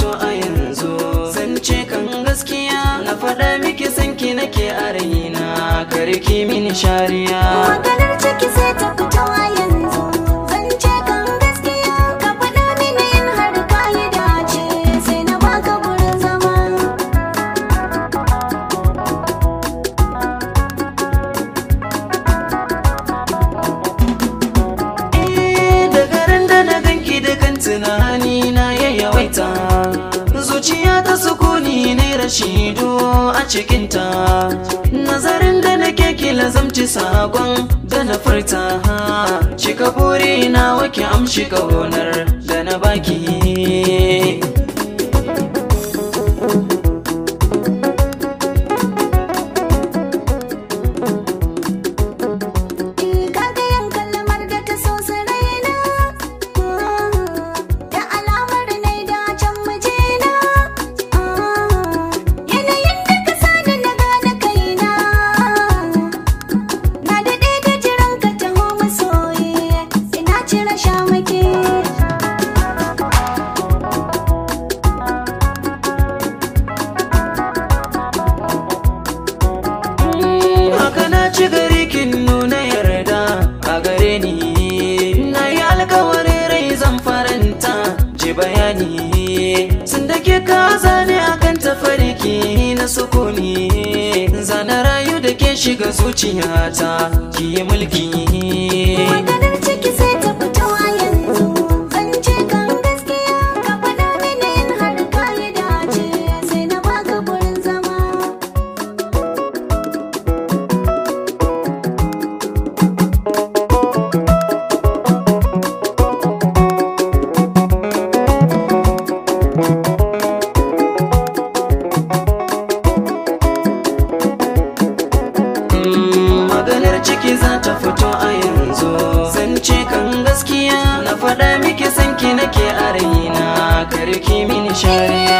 a yanzu zance kan gaskiya na faɗa miki sanki nake a raina karki mini shariya maganar ciki sai ta fito a yanzu zance kan gaskiya ka faɗa mini yin har ka dace sai na baka burin zama eh daga ran da na ganki da kan tunani ido a cikinta nazarin da nake ki lazamci sakon da na furta cika buri na wake amshi ƙaunar da na baki ci gari kin nuna yarda a gare ni na yi alkawari rai zan faranta ji bayani sun da ke ka akan tafarki na sukuni zana rayu da ke shiga zuciyata ki yi mulki ki mini share